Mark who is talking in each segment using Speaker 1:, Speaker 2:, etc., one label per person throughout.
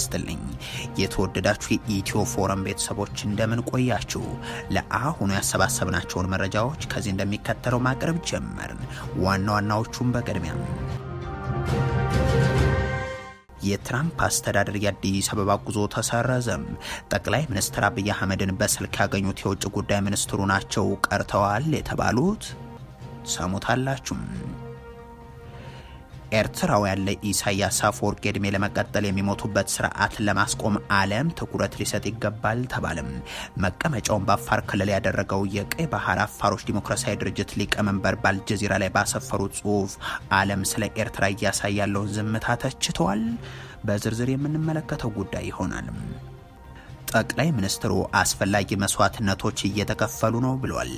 Speaker 1: ይስጥልኝ። የተወደዳችሁ የኢትዮ ፎረም ቤተሰቦች እንደምን ቆያችሁ? ለአሁኑ ያሰባሰብናቸውን መረጃዎች ከዚህ እንደሚከተለው ማቅረብ ጀመርን። ዋና ዋናዎቹም በቅድሚያ የትራምፕ አስተዳደር የአዲስ አበባ ጉዞ ተሰረዘም። ጠቅላይ ሚኒስትር አብይ አህመድን በስልክ ያገኙት የውጭ ጉዳይ ሚኒስትሩ ናቸው ቀርተዋል የተባሉት ሰሙታላችሁም። ኤርትራውያን ለኢሳያስ አፈወርቂ እድሜ ለመቀጠል የሚሞቱበት ስርዓት ለማስቆም ዓለም ትኩረት ሊሰጥ ይገባል ተባለም። መቀመጫውን በአፋር ክልል ያደረገው የቀይ ባህር አፋሮች ዲሞክራሲያዊ ድርጅት ሊቀመንበር በአልጀዚራ ላይ ባሰፈሩት ጽሁፍ ዓለም ስለ ኤርትራ እያሳያለውን ዝምታ ተችተዋል። በዝርዝር የምንመለከተው ጉዳይ ይሆናል። ጠቅላይ ሚኒስትሩ አስፈላጊ መስዋዕትነቶች እየተከፈሉ ነው ብሏል።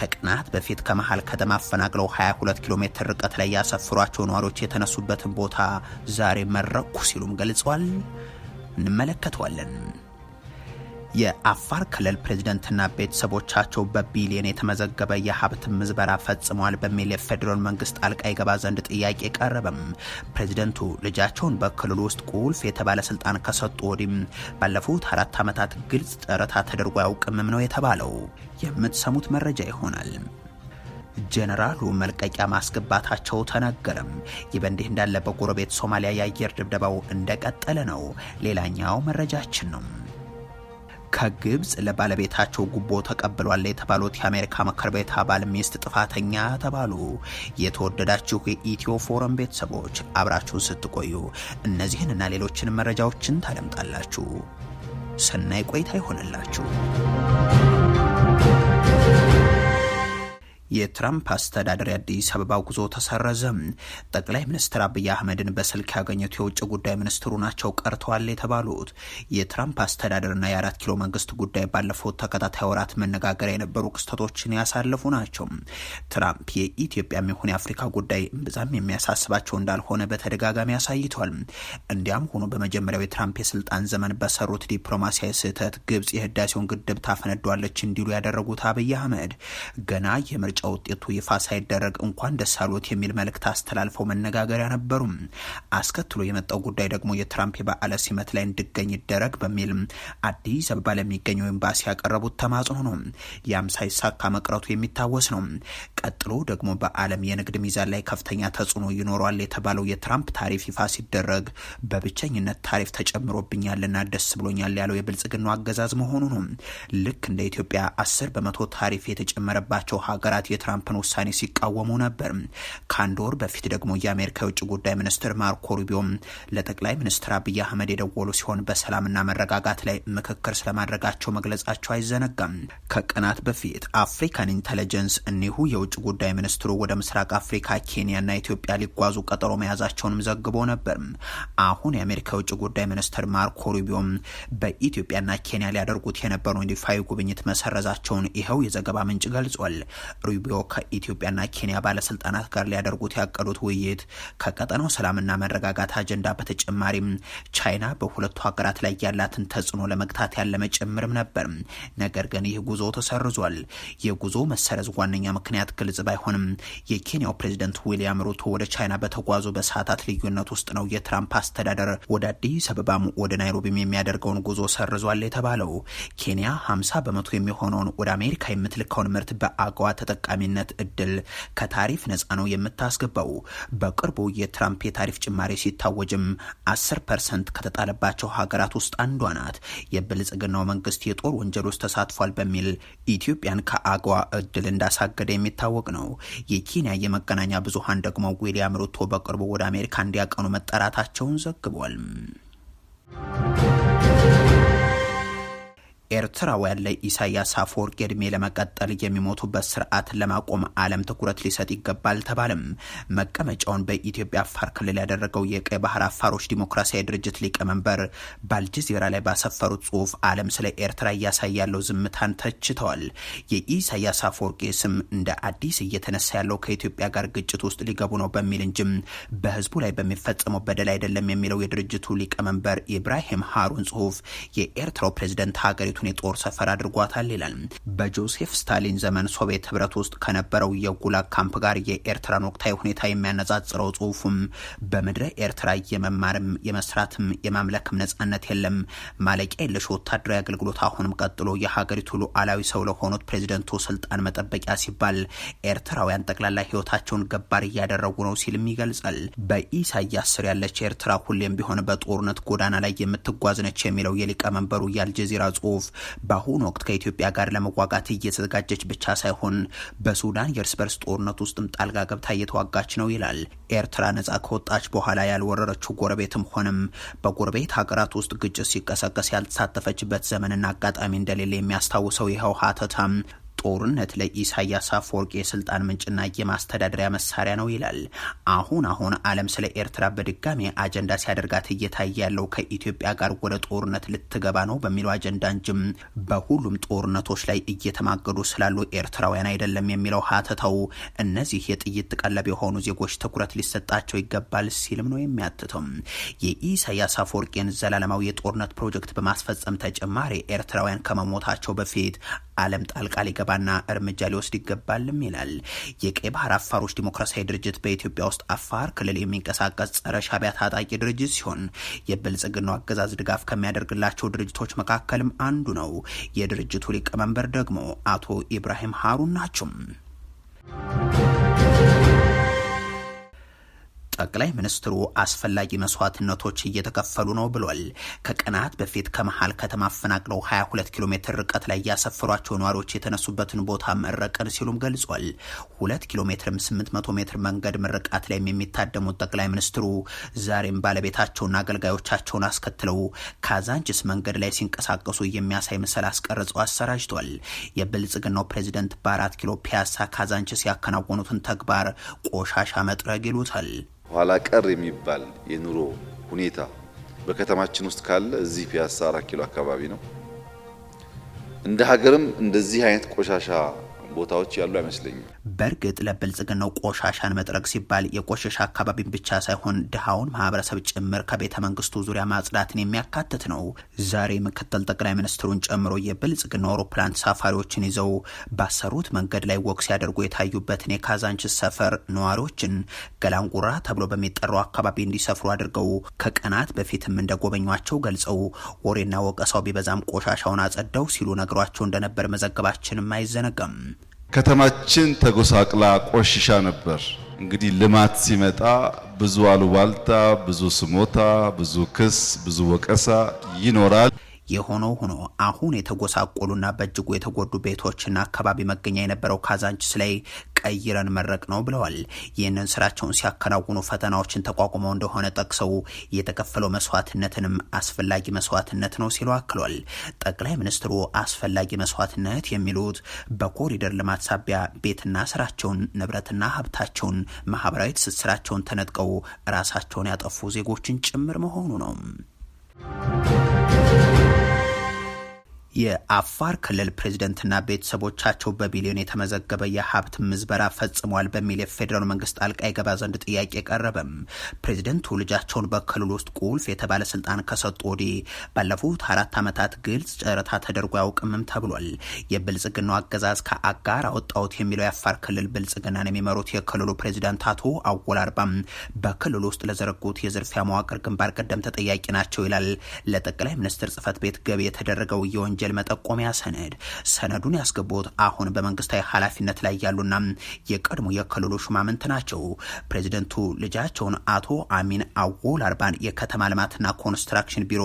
Speaker 1: ከቀናት በፊት ከመሀል ከተማ አፈናቅለው 22 ኪሎ ሜትር ርቀት ላይ ያሰፍሯቸው ነዋሪዎች የተነሱበትን ቦታ ዛሬ መረኩ ሲሉም ገልጸዋል። እንመለከተዋለን። የአፋር ክልል ፕሬዝደንትና ቤተሰቦቻቸው በቢሊዮን የተመዘገበ የሀብት ምዝበራ ፈጽመዋል በሚል የፌዴራል መንግስት ጣልቃ ይገባ ዘንድ ጥያቄ ቀረበም። ፕሬዝደንቱ ልጃቸውን በክልሉ ውስጥ ቁልፍ የተባለ ስልጣን ከሰጡ ወዲህም ባለፉት አራት ዓመታት ግልጽ ጨረታ ተደርጎ አያውቅምም ነው የተባለው። የምትሰሙት መረጃ ይሆናል። ጀነራሉ መልቀቂያ ማስገባታቸው ተነገረም። ይህ በእንዲህ እንዳለ በጎረቤት ሶማሊያ የአየር ድብደባው እንደቀጠለ ነው። ሌላኛው መረጃችን ነው። ከግብፅ ለባለቤታቸው ጉቦ ተቀብሏል የተባሉት የአሜሪካ ምክር ቤት አባል ሚስት ጥፋተኛ ተባሉ። የተወደዳችሁ የኢትዮ ፎረም ቤተሰቦች አብራችሁን ስትቆዩ እነዚህን እና ሌሎችን መረጃዎችን ታደምጣላችሁ። ሰናይ ቆይታ ይሆንላችሁ። የትራምፕ አስተዳደር የአዲስ አበባ ጉዞ ተሰረዘ። ጠቅላይ ሚኒስትር አብይ አህመድን በስልክ ያገኙት የውጭ ጉዳይ ሚኒስትሩ ናቸው ቀርተዋል የተባሉት የትራምፕ አስተዳደርና የአራት ኪሎ መንግስት ጉዳይ ባለፉት ተከታታይ ወራት መነጋገሪያ የነበሩ ክስተቶችን ያሳለፉ ናቸው። ትራምፕ የኢትዮጵያ ይሁን የአፍሪካ ጉዳይ እምብዛም የሚያሳስባቸው እንዳልሆነ በተደጋጋሚ አሳይተዋል። እንዲያም ሆኖ በመጀመሪያው የትራምፕ የስልጣን ዘመን በሰሩት ዲፕሎማሲያዊ ስህተት ግብጽ የህዳሴውን ግድብ ታፈነዷለች እንዲሉ ያደረጉት አብይ አህመድ ገና የምርጫ የምርጫ ውጤቱ ይፋ ሳይደረግ እንኳን ደስ አሉት የሚል መልእክት አስተላልፈው መነጋገሪያ ነበሩም። አስከትሎ የመጣው ጉዳይ ደግሞ የትራምፕ የበዓለ ሲመት ላይ እንድገኝ ይደረግ በሚል አዲስ አበባ ለሚገኘው ኤምባሲ ያቀረቡት ተማጽኖ ነው። ያም ሳይሳካ መቅረቱ የሚታወስ ነው። ቀጥሎ ደግሞ በዓለም የንግድ ሚዛን ላይ ከፍተኛ ተጽዕኖ ይኖረዋል የተባለው የትራምፕ ታሪፍ ይፋ ሲደረግ በብቸኝነት ታሪፍ ተጨምሮብኛልና ደስ ብሎኛል ያለው የብልጽግናው አገዛዝ መሆኑ ነው። ልክ እንደ ኢትዮጵያ አስር በመቶ ታሪፍ የተጨመረባቸው ሀገራት የትራምፕን ውሳኔ ሲቃወሙ ነበር። ከአንድ ወር በፊት ደግሞ የአሜሪካ የውጭ ጉዳይ ሚኒስትር ማርኮ ሩቢዮም ለጠቅላይ ሚኒስትር አብይ አህመድ የደወሉ ሲሆን በሰላምና መረጋጋት ላይ ምክክር ስለማድረጋቸው መግለጻቸው አይዘነጋም። ከቀናት በፊት አፍሪካን ኢንተለጀንስ እኒሁ የውጭ ጉዳይ ሚኒስትሩ ወደ ምስራቅ አፍሪካ፣ ኬንያና ኢትዮጵያ ሊጓዙ ቀጠሮ መያዛቸውንም ዘግቦ ነበር። አሁን የአሜሪካ የውጭ ጉዳይ ሚኒስትር ማርኮ ሩቢዮም በኢትዮጵያና ኬንያ ሊያደርጉት የነበሩ ይፋዊ ጉብኝት መሰረዛቸውን ይኸው የዘገባ ምንጭ ገልጿል። ሩቢዮ ከኢትዮጵያና ኬንያ ባለስልጣናት ጋር ሊያደርጉት ያቀዱት ውይይት ከቀጠናው ሰላምና መረጋጋት አጀንዳ በተጨማሪም ቻይና በሁለቱ ሀገራት ላይ ያላትን ተጽዕኖ ለመግታት ያለመ ጭምርም ነበር። ነገር ግን ይህ ጉዞ ተሰርዟል። የጉዞ መሰረዝ ዋነኛ ምክንያት ግልጽ ባይሆንም የኬንያው ፕሬዝደንት ዊልያም ሩቶ ወደ ቻይና በተጓዙ በሰዓታት ልዩነት ውስጥ ነው የትራምፕ አስተዳደር ወደ አዲስ አበባም ወደ ናይሮቢም የሚያደርገውን ጉዞ ሰርዟል የተባለው። ኬንያ 50 በመቶ የሚሆነውን ወደ አሜሪካ የምትልካውን ምርት በአገዋ ተጠቃ ተጠቃሚነት እድል ከታሪፍ ነፃ ነው የምታስገባው። በቅርቡ የትራምፕ የታሪፍ ጭማሪ ሲታወጅም 10 ፐርሰንት ከተጣለባቸው ሀገራት ውስጥ አንዷ ናት። የብልጽግናው መንግስት የጦር ወንጀል ውስጥ ተሳትፏል በሚል ኢትዮጵያን ከአገዋ እድል እንዳሳገደ የሚታወቅ ነው። የኬንያ የመገናኛ ብዙሃን ደግሞ ዊሊያም ሩቶ በቅርቡ ወደ አሜሪካ እንዲያቀኑ መጠራታቸውን ዘግቧል። ኤርትራውያን ኢሳያስ አፈወርቅ እድሜ ለመቀጠል የሚሞቱበት ስርዓት ለማቆም ዓለም ትኩረት ሊሰጥ ይገባል ተባለም። መቀመጫውን በኢትዮጵያ አፋር ክልል ያደረገው የቀይ ባህር አፋሮች ዲሞክራሲያዊ ድርጅት ሊቀመንበር በአልጀዚራ ላይ ባሰፈሩት ጽሁፍ ዓለም ስለ ኤርትራ እያሳየ ያለው ዝምታን ተችተዋል። የኢሳያስ አፈወርቅ ስም እንደ አዲስ እየተነሳ ያለው ከኢትዮጵያ ጋር ግጭት ውስጥ ሊገቡ ነው በሚል እንጂም በህዝቡ ላይ በሚፈጸመው በደል አይደለም የሚለው የድርጅቱ ሊቀመንበር ኢብራሂም ሃሩን ጽሁፍ የኤርትራው ፕሬዝደንት ሀገሪቱ ሀገሪቱን የጦር ሰፈር አድርጓታል ይላል። በጆሴፍ ስታሊን ዘመን ሶቪየት ህብረት ውስጥ ከነበረው የጉላግ ካምፕ ጋር የኤርትራን ወቅታዊ ሁኔታ የሚያነጻጽረው ጽሁፉም በምድረ ኤርትራ የመማርም የመስራትም የማምለክም ነጻነት የለም፣ ማለቂያ የለሽ ወታደራዊ አገልግሎት አሁንም ቀጥሎ የሀገሪቱ ሉዓላዊ ሰው ለሆኑት ፕሬዚደንቱ ስልጣን መጠበቂያ ሲባል ኤርትራውያን ጠቅላላ ህይወታቸውን ገባር እያደረጉ ነው ሲልም ይገልጻል። በኢሳያስ ስር ያለች ኤርትራ ሁሌም ቢሆን በጦርነት ጎዳና ላይ የምትጓዝ ነች የሚለው የሊቀመንበሩ የአልጀዚራ ጽሁፍ በአሁኑ ወቅት ከኢትዮጵያ ጋር ለመዋጋት እየተዘጋጀች ብቻ ሳይሆን በሱዳን የእርስ በርስ ጦርነት ውስጥም ጣልቃ ገብታ እየተዋጋች ነው ይላል። ኤርትራ ነጻ ከወጣች በኋላ ያልወረረችው ጎረቤትም ሆንም በጎረቤት ሀገራት ውስጥ ግጭት ሲቀሰቀስ ያልተሳተፈችበት ዘመንና አጋጣሚ እንደሌለ የሚያስታውሰው ይኸው ሀተታም ጦርነት ለኢሳያስ አፈወርቂ የስልጣን ምንጭና የማስተዳደሪያ መሳሪያ ነው ይላል። አሁን አሁን ዓለም ስለ ኤርትራ በድጋሚ አጀንዳ ሲያደርጋት እየታየ ያለው ከኢትዮጵያ ጋር ወደ ጦርነት ልትገባ ነው በሚለው አጀንዳ እንጂም በሁሉም ጦርነቶች ላይ እየተማገዱ ስላሉ ኤርትራውያን አይደለም የሚለው ሀተተው እነዚህ የጥይት ቀለብ የሆኑ ዜጎች ትኩረት ሊሰጣቸው ይገባል ሲልም ነው የሚያትተው። የኢሳያስ አፈወርቂን ዘላለማዊ የጦርነት ፕሮጀክት በማስፈጸም ተጨማሪ ኤርትራውያን ከመሞታቸው በፊት ዓለም ጣልቃ ሊገባና እርምጃ ሊወስድ ይገባልም ይላል። የቀይ ባህር አፋሮች ዲሞክራሲያዊ ድርጅት በኢትዮጵያ ውስጥ አፋር ክልል የሚንቀሳቀስ ጸረ ሻቢያ ታጣቂ ድርጅት ሲሆን የብልጽግናው አገዛዝ ድጋፍ ከሚያደርግላቸው ድርጅቶች መካከልም አንዱ ነው። የድርጅቱ ሊቀመንበር ደግሞ አቶ ኢብራሂም ሀሩን ናቸው። ጠቅላይ ሚኒስትሩ አስፈላጊ መስዋዕትነቶች እየተከፈሉ ነው ብሏል። ከቀናት በፊት ከመሀል ከተማ አፈናቅለው 22 ኪሎ ሜትር ርቀት ላይ ያሰፈሯቸው ነዋሪዎች የተነሱበትን ቦታ መረቀን ሲሉም ገልጿል። ሁለት ኪሎ ሜትርም 800 ሜትር መንገድ ምርቃት ላይም የሚታደሙት ጠቅላይ ሚኒስትሩ ዛሬም ባለቤታቸውና አገልጋዮቻቸውን አስከትለው ካዛንችስ መንገድ ላይ ሲንቀሳቀሱ የሚያሳይ ምስል አስቀርጸው አሰራጅቷል። የብልጽግናው ፕሬዚደንት በአራት ኪሎ ፒያሳ ካዛንችስ ያከናወኑትን ተግባር ቆሻሻ መጥረግ ይሉታል።
Speaker 2: ኋላ ቀር የሚባል የኑሮ ሁኔታ በከተማችን ውስጥ ካለ እዚህ ፒያሳ አራት ኪሎ አካባቢ ነው። እንደ ሀገርም እንደዚህ አይነት ቆሻሻ ቦታዎች ያሉ አይመስለኝም።
Speaker 1: በእርግጥ ለብልጽግናው ቆሻሻን መጥረግ ሲባል የቆሸሻ አካባቢን ብቻ ሳይሆን ድሃውን ማህበረሰብ ጭምር ከቤተ መንግስቱ ዙሪያ ማጽዳትን የሚያካትት ነው። ዛሬ ምክትል ጠቅላይ ሚኒስትሩን ጨምሮ የብልጽግና አውሮፕላን ተሳፋሪዎችን ይዘው ባሰሩት መንገድ ላይ ወቅ ሲያደርጉ የታዩበትን የካዛንችስ ሰፈር ነዋሪዎችን ገላንጉራ ተብሎ በሚጠራው አካባቢ እንዲሰፍሩ አድርገው ከቀናት በፊትም እንደጎበኟቸው ገልጸው ወሬና ወቀሳው ቢበዛም ቆሻሻውን አጸዳው ሲሉ ነግሯቸው እንደነበር መዘገባችንም አይዘነጋም።
Speaker 2: ከተማችን ተጎሳቅላ ቆሽሻ ነበር። እንግዲህ ልማት ሲመጣ ብዙ አሉባልታ፣ ብዙ ስሞታ፣ ብዙ ክስ፣ ብዙ ወቀሳ ይኖራል።
Speaker 1: የሆነው ሆኖ አሁን የተጎሳቆሉና በእጅጉ የተጎዱ ቤቶችና አካባቢ መገኛ የነበረው ካዛንችስ ላይ ቀይረን መረቅ ነው ብለዋል። ይህንን ስራቸውን ሲያከናውኑ ፈተናዎችን ተቋቁመው እንደሆነ ጠቅሰው የተከፈለው መስዋዕትነትንም አስፈላጊ መስዋዕትነት ነው ሲሉ አክሏል። ጠቅላይ ሚኒስትሩ አስፈላጊ መስዋዕትነት የሚሉት በኮሪደር ልማት ሳቢያ ቤትና ስራቸውን፣ ንብረትና ሀብታቸውን፣ ማህበራዊ ትስስራቸውን ተነጥቀው ራሳቸውን ያጠፉ ዜጎችን ጭምር መሆኑ ነው። የአፋር ክልል ፕሬዝደንትና ቤተሰቦቻቸው በቢሊዮን የተመዘገበ የሀብት ምዝበራ ፈጽሟል በሚል የፌዴራል መንግስት ጣልቃ ይገባ ዘንድ ጥያቄ ቀረበም። ፕሬዝደንቱ ልጃቸውን በክልል ውስጥ ቁልፍ የተባለ ስልጣን ከሰጡ ወዲህ ባለፉት አራት ዓመታት ግልጽ ጨረታ ተደርጎ አያውቅምም ተብሏል። የብልጽግናው አገዛዝ ከአጋር አወጣውት የሚለው የአፋር ክልል ብልጽግናን የሚመሩት የክልሉ ፕሬዝደንት አቶ አወል አርባም በክልሉ ውስጥ ለዘረጉት የዝርፊያ መዋቅር ግንባር ቀደም ተጠያቂ ናቸው ይላል። ለጠቅላይ ሚኒስትር ጽህፈት ቤት ገቢ የተደረገው የወንጀል የወንጀል መጠቆሚያ ሰነድ ሰነዱን ያስገቡት አሁን በመንግስታዊ ኃላፊነት ላይ ያሉና የቀድሞ የክልሉ ሹማምንት ናቸው። ፕሬዚደንቱ ልጃቸውን አቶ አሚን አወል አርባን የከተማ ልማትና ኮንስትራክሽን ቢሮ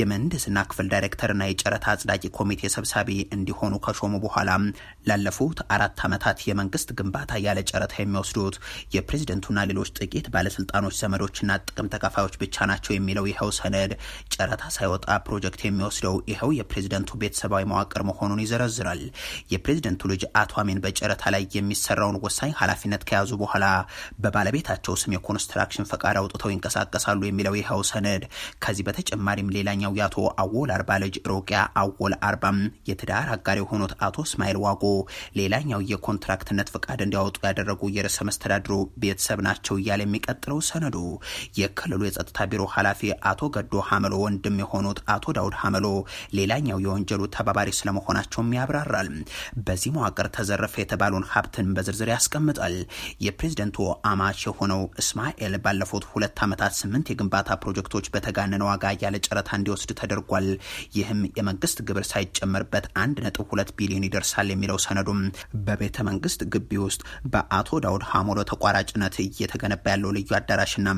Speaker 1: የምህንድስና ክፍል ዳይሬክተርና የጨረታ አጽዳቂ ኮሚቴ ሰብሳቢ እንዲሆኑ ከሾሙ በኋላ ላለፉት አራት ዓመታት የመንግስት ግንባታ ያለ ጨረታ የሚወስዱት የፕሬዚደንቱና ሌሎች ጥቂት ባለስልጣኖች ዘመዶችና ጥቅም ተካፋዮች ብቻ ናቸው የሚለው ይኸው ሰነድ ጨረታ ሳይወጣ ፕሮጀክት የሚወስደው ይኸው የፕሬዚደንቱ ቤተሰባዊ መዋቅር መሆኑን ይዘረዝራል። የፕሬዝደንቱ ልጅ አቶ አሜን በጨረታ ላይ የሚሰራውን ወሳኝ ኃላፊነት ከያዙ በኋላ በባለቤታቸው ስም የኮንስትራክሽን ፈቃድ አውጥተው ይንቀሳቀሳሉ የሚለው ይኸው ሰነድ ከዚህ በተጨማሪም ሌላኛው የአቶ አወል አርባ ልጅ ሮቅያ አወል አርባም የትዳር አጋር የሆኑት አቶ እስማኤል ዋጎ ሌላኛው የኮንትራክትነት ፈቃድ እንዲያወጡ ያደረጉ የርዕሰ መስተዳድሩ ቤተሰብ ናቸው እያለ የሚቀጥለው ሰነዱ የክልሉ የጸጥታ ቢሮ ኃላፊ አቶ ገዶ ሀመሎ ወንድም የሆኑት አቶ ዳውድ ሀመሎ ሌላኛው የወን የወንጀሉ ተባባሪ ስለመሆናቸውም ያብራራል። በዚህ መዋቅር ተዘረፈ የተባለውን ሀብትን በዝርዝር ያስቀምጣል። የፕሬዝደንቱ አማች የሆነው እስማኤል ባለፉት ሁለት ዓመታት ስምንት የግንባታ ፕሮጀክቶች በተጋነነ ዋጋ ያለ ጨረታ እንዲወስድ ተደርጓል። ይህም የመንግስት ግብር ሳይጨመርበት አንድ ነጥብ ሁለት ቢሊዮን ይደርሳል የሚለው ሰነዱም በቤተ መንግስት ግቢ ውስጥ በአቶ ዳውድ ሀሞሎ ተቋራጭነት እየተገነባ ያለው ልዩ አዳራሽና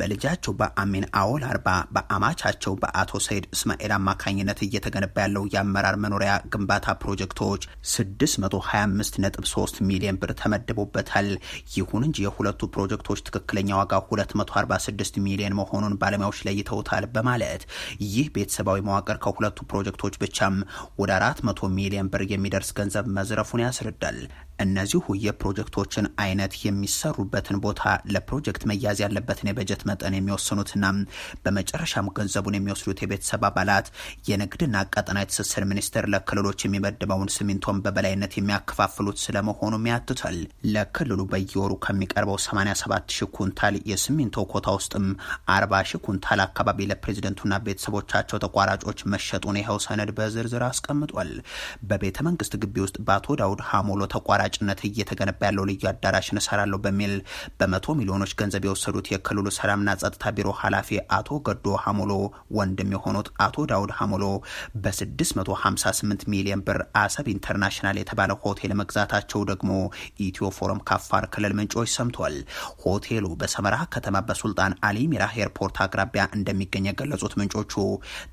Speaker 1: በልጃቸው በአሚን አወል አርባ በአማቻቸው በአቶ ሰይድ እስማኤል አማካኝነት እየተገነባ ያለው የአመራር መኖሪያ ግንባታ ፕሮጀክቶች 625.3 ሚሊዮን ብር ተመድቦበታል። ይሁን እንጂ የሁለቱ ፕሮጀክቶች ትክክለኛ ዋጋ 246 ሚሊዮን መሆኑን ባለሙያዎች ለይተውታል በማለት ይህ ቤተሰባዊ መዋቅር ከሁለቱ ፕሮጀክቶች ብቻም ወደ 400 ሚሊዮን ብር የሚደርስ ገንዘብ መዝረፉን ያስረዳል። እነዚሁ የፕሮጀክቶችን አይነት የሚሰሩበትን ቦታ ለፕሮጀክት መያዝ ያለበትን የበጀት መጠን የሚወስኑትና በመጨረሻም ገንዘቡን የሚወስዱት የቤተሰብ አባላት የንግድና ቀጠናዊ ትስስር ሚኒስቴር ለክልሎች የሚመድበውን ሲሚንቶን በበላይነት የሚያከፋፍሉት ስለመሆኑም ያትታል። ለክልሉ በየወሩ ከሚቀርበው 87 ሺህ ኩንታል የሲሚንቶ ኮታ ውስጥም 40 ሺህ ኩንታል አካባቢ ለፕሬዝደንቱና ቤተሰቦቻቸው ተቋራጮች መሸጡን ይኸው ሰነድ በዝርዝር አስቀምጧል። በቤተ መንግስት ግቢ ውስጥ በአቶ ዳውድ ሀሞሎ ተቋራ አማራጭነት እየተገነባ ያለው ልዩ አዳራሽ እሰራለሁ በሚል በመቶ ሚሊዮኖች ገንዘብ የወሰዱት የክልሉ ሰላምና ጸጥታ ቢሮ ኃላፊ አቶ ገዶ ሀሞሎ ወንድም የሆኑት አቶ ዳውድ ሀሞሎ በ658 ሚሊዮን ብር አሰብ ኢንተርናሽናል የተባለ ሆቴል መግዛታቸው ደግሞ ኢትዮ ፎረም ከአፋር ክልል ምንጮች ሰምቷል። ሆቴሉ በሰመራ ከተማ በሱልጣን አሊ ሚራህ ኤርፖርት አቅራቢያ እንደሚገኝ የገለጹት ምንጮቹ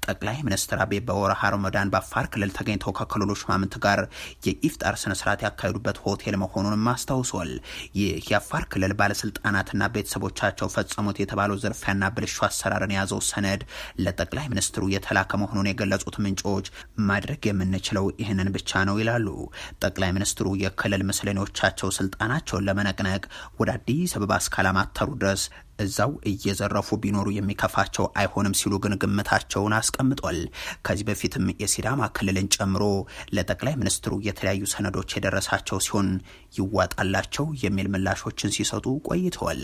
Speaker 1: ጠቅላይ ሚኒስትር አብይ በወረሃ ረመዳን በአፋር ክልል ተገኝተው ከክልሎች ማምንት ጋር የኢፍጣር ስነስርዓት ያካሄዱበት ሆቴል መሆኑንም አስታውሷል። ይህ የአፋር ክልል ባለስልጣናትና ቤተሰቦቻቸው ፈጸሙት የተባለው ዝርፊያና ብልሹ አሰራርን የያዘው ሰነድ ለጠቅላይ ሚኒስትሩ የተላከ መሆኑን የገለጹት ምንጮች ማድረግ የምንችለው ይህንን ብቻ ነው ይላሉ። ጠቅላይ ሚኒስትሩ የክልል ምስለኔዎቻቸው ስልጣናቸውን ለመነቅነቅ ወደ አዲስ አበባ እስካላማተሩ ድረስ እዛው እየዘረፉ ቢኖሩ የሚከፋቸው አይሆንም ሲሉ ግን ግምታቸውን አስቀምጧል። ከዚህ በፊትም የሲዳማ ክልልን ጨምሮ ለጠቅላይ ሚኒስትሩ የተለያዩ ሰነዶች የደረሳቸው ሲሆን ይዋጣላቸው የሚል ምላሾችን ሲሰጡ ቆይተዋል።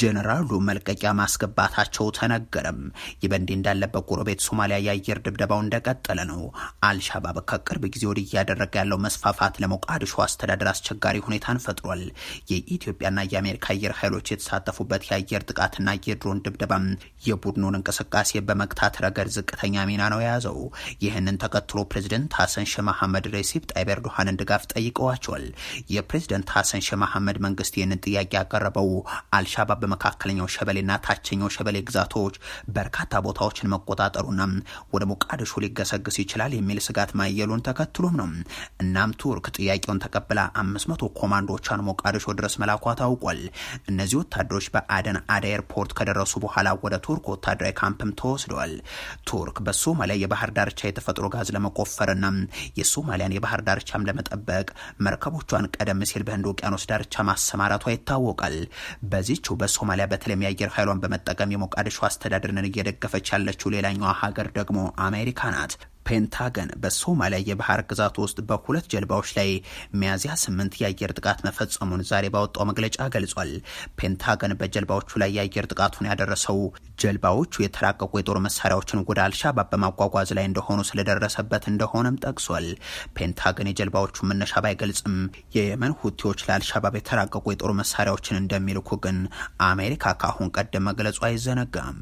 Speaker 1: ጀነራሉ መልቀቂያ ማስገባታቸው ተነገረም። ይህ በእንዲህ እንዳለበት ጎረቤት ሶማሊያ የአየር ድብደባው እንደቀጠለ ነው። አልሻባብ ከቅርብ ጊዜ ወዲህ እያደረገ ያለው መስፋፋት ለሞቃዲሾ አስተዳደር አስቸጋሪ ሁኔታን ፈጥሯል። የኢትዮጵያና የአሜሪካ አየር ኃይሎች የተሳተፉበት የአየር ጥቃትና የድሮን ድብደባም የቡድኑን እንቅስቃሴ በመግታት ረገድ ዝቅተኛ ሚና ነው የያዘው። ይህንን ተከትሎ ፕሬዚደንት ሀሰን ሼህ መሐመድ ሬሲፕ ጣይብ ኤርዶሃንን ድጋፍ ጠይቀዋቸዋል። የፕሬዚደንት ሀሰን ሼህ መሐመድ መንግስት ይህንን ጥያቄ ያቀረበው አልሻባ አልሻባብ በመካከለኛው ሸበሌና ታችኛው ሸበሌ ግዛቶች በርካታ ቦታዎችን መቆጣጠሩና ወደ ሞቃዲሾ ሊገሰግስ ይችላል የሚል ስጋት ማየሉን ተከትሎም ነው። እናም ቱርክ ጥያቄውን ተቀብላ 500 ኮማንዶቿን ሞቃዲሾ ድረስ መላኳ ታውቋል። እነዚህ ወታደሮች በአደን አደ ኤርፖርት ከደረሱ በኋላ ወደ ቱርክ ወታደራዊ ካምፕም ተወስደዋል። ቱርክ በሶማሊያ የባህር ዳርቻ የተፈጥሮ ጋዝ ለመቆፈርና የሶማሊያን የባህር ዳርቻም ለመጠበቅ መርከቦቿን ቀደም ሲል በህንድ ውቅያኖስ ዳርቻ ማሰማራቷ ይታወቃል። በዚችው በሶማሊያ በተለይም የአየር ኃይሏን በመጠቀም የሞቃዲሾ አስተዳደርን እየደገፈች ያለችው ሌላኛዋ ሀገር ደግሞ አሜሪካ ናት። ፔንታገን በሶማሊያ የባህር ግዛት ውስጥ በሁለት ጀልባዎች ላይ ሚያዝያ ስምንት የአየር ጥቃት መፈጸሙን ዛሬ ባወጣው መግለጫ ገልጿል። ፔንታገን በጀልባዎቹ ላይ የአየር ጥቃቱን ያደረሰው ጀልባዎቹ የተራቀቁ የጦር መሳሪያዎችን ወደ አልሻባብ በማጓጓዝ ላይ እንደሆኑ ስለደረሰበት እንደሆነም ጠቅሷል። ፔንታገን የጀልባዎቹ መነሻ ባይገልጽም የየመን ሁቲዎች ለአልሻባብ የተራቀቁ የጦር መሳሪያዎችን እንደሚልኩ ግን አሜሪካ ከአሁን ቀደም መግለጹ አይዘነጋም።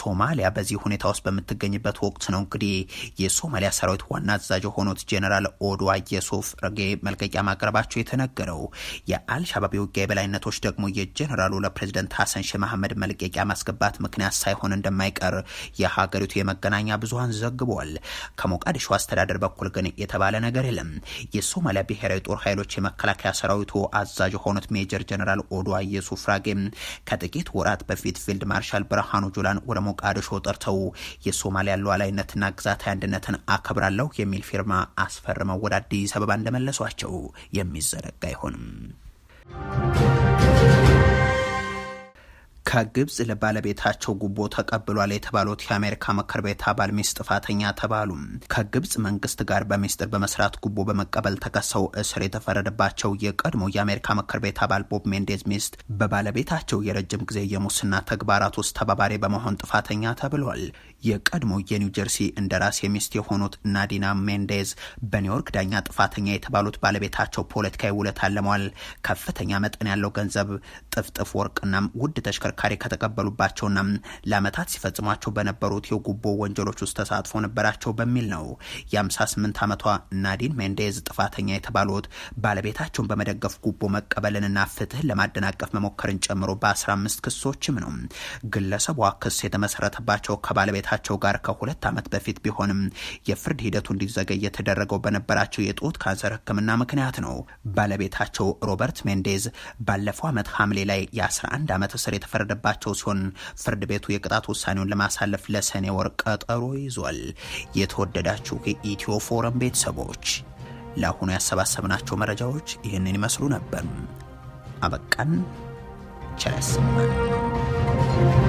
Speaker 1: ሶማሊያ በዚህ ሁኔታ ውስጥ በምትገኝበት ወቅት ነው እንግዲህ የሶማሊያ ሰራዊት ዋና አዛዥ የሆኑት ጄኔራል ኦድዋ የሱፍ ረጌ መልቀቂያ ማቅረባቸው የተነገረው። የአልሻባብ የውጊያ የበላይነቶች ደግሞ የጄኔራሉ ለፕሬዚደንት ሐሰን ሼህ መሐመድ መልቀቂያ ማስገባት ምክንያት ሳይሆን እንደማይቀር የሀገሪቱ የመገናኛ ብዙሀን ዘግቧል። ከሞቃዲሾ አስተዳደር በኩል ግን የተባለ ነገር የለም። የሶማሊያ ብሔራዊ ጦር ኃይሎች የመከላከያ ሰራዊቱ አዛዥ የሆኑት ሜጀር ጄኔራል ኦድዋ የሱፍ ራጌ ከጥቂት ወራት በፊት ፊልድ ማርሻል ብርሃኑ ጁላን ወደ ሞቃዲሾ ጠርተው የሶማሊያ ሉዓላዊነትና ግዛታዊ አንድነትን አከብራለሁ የሚል ፊርማ አስፈርመው ወደ አዲስ አበባ እንደመለሷቸው የሚዘነጋ አይሆንም። ከግብጽ ለባለቤታቸው ጉቦ ተቀብሏል የተባሉት የአሜሪካ ምክር ቤት አባል ሚስት ጥፋተኛ ተባሉ። ከግብጽ መንግስት ጋር በሚስጥር በመስራት ጉቦ በመቀበል ተከሰው እስር የተፈረደባቸው የቀድሞ የአሜሪካ ምክር ቤት አባል ቦብ ሜንዴዝ ሚስት በባለቤታቸው የረጅም ጊዜ የሙስና ተግባራት ውስጥ ተባባሪ በመሆን ጥፋተኛ ተብሏል። የቀድሞ የኒው ጀርሲ እንደራሴ ሚስት የሆኑት ናዲና ሜንዴዝ በኒውዮርክ ዳኛ ጥፋተኛ የተባሉት ባለቤታቸው ፖለቲካዊ ውለታ ለመዋል ከፍተኛ መጠን ያለው ገንዘብ፣ ጥፍጥፍ ወርቅናም ውድ ተሽከርካሪ ከተቀበሉባቸውና ለአመታት ሲፈጽሟቸው በነበሩት የጉቦ ወንጀሎች ውስጥ ተሳትፎ ነበራቸው በሚል ነው የ58 ዓመቷ ናዲን ሜንዴዝ ጥፋተኛ የተባሉት ባለቤታቸውን በመደገፍ ጉቦ መቀበልንና ፍትህን ለማደናቀፍ መሞከርን ጨምሮ በ15 ክሶችም ነው። ግለሰቧ ክስ የተመሰረተባቸው ከባለቤታ ባለቤታቸው ጋር ከሁለት ዓመት በፊት ቢሆንም የፍርድ ሂደቱ እንዲዘገይ የተደረገው በነበራቸው የጡት ካንሰር ሕክምና ምክንያት ነው። ባለቤታቸው ሮበርት ሜንዴዝ ባለፈው ዓመት ሐምሌ ላይ የ11 ዓመት እስር የተፈረደባቸው ሲሆን ፍርድ ቤቱ የቅጣት ውሳኔውን ለማሳለፍ ለሰኔ ወር ቀጠሮ ይዟል። የተወደዳችሁ የኢትዮ ፎረም ቤተሰቦች ለአሁኑ ያሰባሰብናቸው መረጃዎች ይህንን ይመስሉ ነበር። አበቃን። ቸር ያሰማን።